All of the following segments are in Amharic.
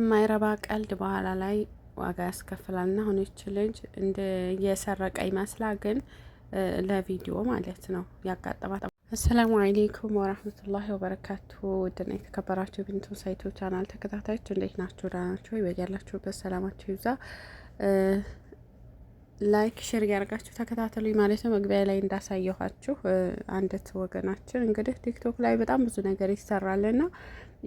የማይረባ ቀልድ በኋላ ላይ ዋጋ ያስከፍላል። ና አሁን ይች ልጅ እንደ የሰረቀ ይመስላ ግን ለቪዲዮ ማለት ነው ያጋጠማት። አሰላሙ አሌይኩም ወራህመቱላሂ ወበረካቱ። ውድና የተከበራችሁ ቢንቱ ሳይቶ ቻናል ተከታታዮች እንዴት ናችሁ? ደህና ናችሁ? ይበያላችሁበት ሰላማችሁ ይብዛ። ላይክ ሼር ያደርጋችሁ ተከታተሉኝ ማለት ነው። መግቢያ ላይ እንዳሳየኋችሁ አንዲት ወገናችን እንግዲህ ቲክቶክ ላይ በጣም ብዙ ነገር ይሰራልና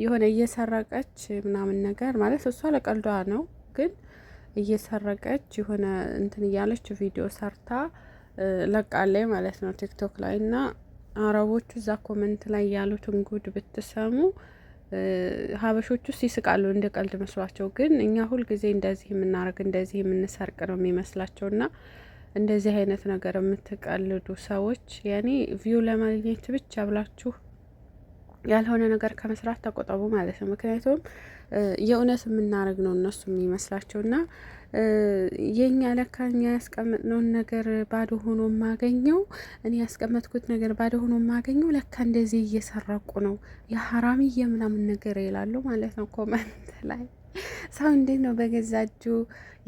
የሆነ እየሰረቀች ምናምን ነገር ማለት እሷ ለቀልዷ ነው፣ ግን እየሰረቀች የሆነ እንትን እያለች ቪዲዮ ሰርታ ለቃላይ ማለት ነው ቲክቶክ ላይ እና አረቦቹ እዛ ኮመንት ላይ ያሉትን ጉድ ብትሰሙ ሀበሾች ውስጥ ይስቃሉ እንደ ቀልድ መስሏቸው፣ ግን እኛ ሁልጊዜ እንደዚህ የምናረግ እንደዚህ የምንሰርቅ ነው የሚመስላቸው እና እንደዚህ አይነት ነገር የምትቀልዱ ሰዎች ያኔ ቪው ለማግኘት ብቻ ብላችሁ ያልሆነ ነገር ከመስራት ተቆጠቡ ማለት ነው። ምክንያቱም የእውነት የምናደርግ ነው እነሱ የሚመስላቸው እና የኛ ለካ እኛ ያስቀመጥነውን ነገር ባዶ ሆኖ ማገኘው እኔ ያስቀመጥኩት ነገር ባዶ ሆኖ ማገኘው ለካ እንደዚህ እየሰረቁ ነው የሀራምዬ ምናምን ነገር ይላሉ ማለት ነው ኮመንት ላይ ሰው እንዴት ነው በገዛ እጁ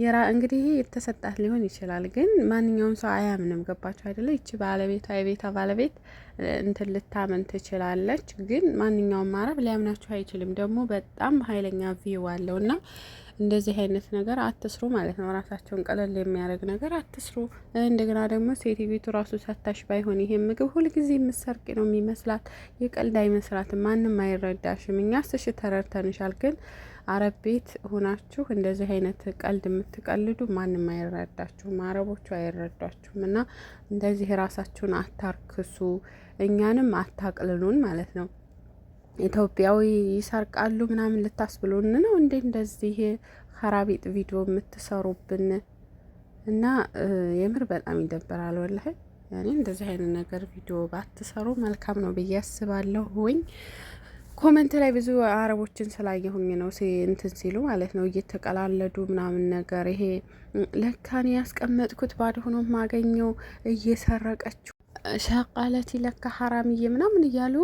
የራ እንግዲህ የተሰጣት ሊሆን ይችላል፣ ግን ማንኛውም ሰው አያምንም። ገባቸው አይደለ? ይቺ ባለቤቷ የቤቷ ባለቤት እንትን ልታመን ትችላለች፣ ግን ማንኛውም አረብ ሊያምናችሁ አይችልም። ደግሞ በጣም ሀይለኛ ቪው አለው እና እንደዚህ አይነት ነገር አትስሩ ማለት ነው። ራሳቸውን ቀለል የሚያደርግ ነገር አትስሩ። እንደገና ደግሞ ሴትቤቱ ራሱ ሰታሽ ባይሆን ይሄ ምግብ ሁልጊዜ የምሰርቅ ነው የሚመስላት የቀልድ አይመስላትም። ማንም አይረዳሽም። እኛ ስሽ ተረድተንሻል። ግን አረብ ቤት ሆናችሁ እንደዚህ አይነት ቀልድ የምትቀልዱ ማንም አይረዳችሁም። አረቦቹ አይረዷችሁም። እና እንደዚህ ራሳችሁን አታርክሱ፣ እኛንም አታቅልሉን ማለት ነው። ኢትዮጵያዊ ይሰርቃሉ ምናምን ልታስብሎን ነው እንዴ? እንደዚህ ሀራቢጥ ቪዲዮ የምትሰሩብን እና የምር በጣም ይደብራል። ወላሂ እኔ እንደዚህ አይነት ነገር ቪዲዮ ባትሰሩ መልካም ነው ብዬ አስባለሁ። ወኝ ኮመንት ላይ ብዙ አረቦችን ስላየሁኝ ነው እንትን ሲሉ ማለት ነው እየተቀላለዱ ምናምን ነገር ይሄ ለካኔ ያስቀመጥኩት ባዶ ሆኖ ማገኘው እየሰረቀችው ሸቃለቲ ለካ ሀራምዬ ምናምን እያሉ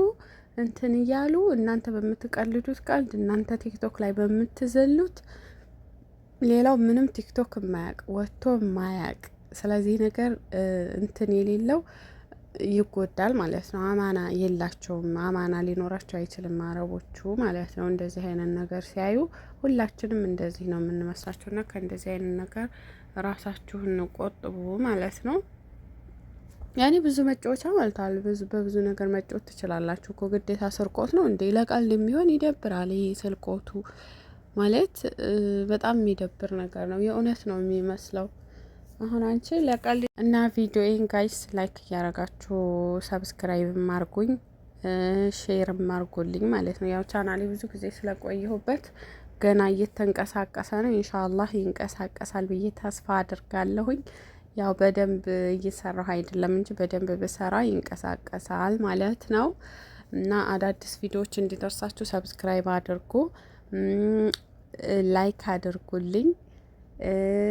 እንትን እያሉ እናንተ በምትቀልዱት ቀልድ እናንተ ቲክቶክ ላይ በምትዘሉት ሌላው ምንም ቲክቶክ የማያቅ ወጥቶ የማያቅ ስለዚህ ነገር እንትን የሌለው ይጎዳል ማለት ነው። አማና የላቸውም። አማና ሊኖራቸው አይችልም አረቦቹ ማለት ነው። እንደዚህ አይነት ነገር ሲያዩ ሁላችንም እንደዚህ ነው የምንመስላቸው እና ከእንደዚህ አይነት ነገር ራሳችሁን ቆጥቡ ማለት ነው። ያኔ ብዙ መጫወቻ መልታል። በብዙ ነገር መጫወት ትችላላችሁ እኮ ግዴታ ስርቆት ነው እንዴ? ለቀልድ የሚሆን ይደብራል። ይሄ ስርቆቱ ማለት በጣም የሚደብር ነገር ነው። የእውነት ነው የሚመስለው። አሁን አንቺ ለቀልድ እና ቪዲዮዬን ጋይስ ላይክ እያረጋችሁ ሰብስክራይብ ማርጉኝ ሼር ማርጉልኝ ማለት ነው። ያው ቻናሌ ብዙ ጊዜ ስለቆየሁበት ገና እየተንቀሳቀሰ ነው። ኢንሻአላህ ይንቀሳቀሳል ብዬ ተስፋ አድርጋለሁኝ። ያው በደንብ እየሰራሁ አይደለም እንጂ በደንብ ብሰራ ይንቀሳቀሳል ማለት ነው። እና አዳዲስ ቪዲዮዎች እንዲደርሳችሁ ሰብስክራይብ አድርጉ፣ ላይክ አድርጉልኝ፣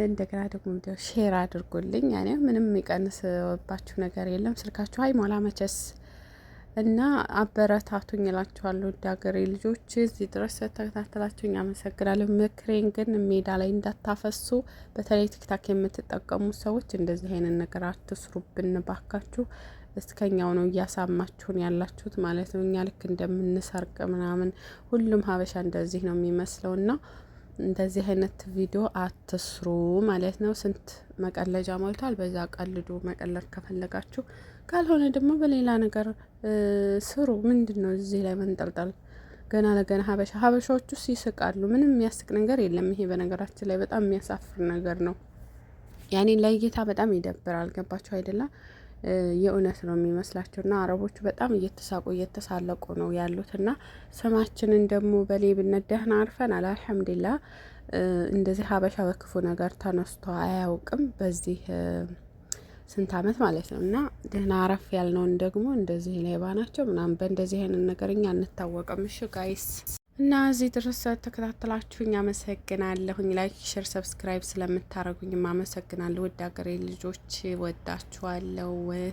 እንደገና ደግሞ ሼር አድርጉልኝ። ያኔ ምንም የሚቀንስባችሁ ነገር የለም። ስልካችሁ አይሞላ መቸስ እና አበረታቱኝ እላችኋለሁ። ወደ ሀገሬ ልጆች እዚህ ድረስ ተከታተላችሁኝ አመሰግናለሁ። ምክሬን ግን ሜዳ ላይ እንዳታፈሱ። በተለይ ቲክታክ የምትጠቀሙ ሰዎች እንደዚህ አይነት ነገር አትስሩብን ባካችሁ። እስከኛው ነው እያሳማችሁን ያላችሁት ማለት ነው። እኛ ልክ እንደምንሰርቅ ምናምን ሁሉም ሀበሻ እንደዚህ ነው የሚመስለው እና እንደዚህ አይነት ቪዲዮ አትስሩ ማለት ነው። ስንት መቀለጃ ሞልቷል። በዛ ቀልዱ መቀለድ ከፈለጋችሁ፣ ካልሆነ ደግሞ በሌላ ነገር ስሩ። ምንድን ነው እዚህ ላይ መንጠልጠል ገና ለገና ሀበሻ ሀበሻዎቹስ ይስቃሉ። ምንም የሚያስቅ ነገር የለም። ይሄ በነገራችን ላይ በጣም የሚያሳፍር ነገር ነው። ያኔ ለእይታ በጣም ይደብራል። ገባችሁ አይደለም? የእውነት ነው የሚመስላቸው እና አረቦቹ በጣም እየተሳቁ እየተሳለቁ ነው ያሉት እና ስማችንን ደግሞ በሌብነት ደህና አርፈናል አልሐምዱላ። እንደዚህ ሀበሻ በክፉ ነገር ተነስቶ አያውቅም በዚህ ስንት አመት ማለት ነው እና ደህና አረፍ ያልነውን ደግሞ እንደዚህ ሌባ ናቸው ምናምን በእንደዚህ አይነት ነገር እኛ እንታወቅም። እሺ ጋይስ እና እዚህ ድረስ ተከታተላችሁኝ አመሰግናለሁኝ። ላይክ፣ ሸር፣ ሰብስክራይብ ስለምታደርጉኝም አመሰግናለሁ። ወደ ሀገሬ ልጆች ወዳችኋለሁ።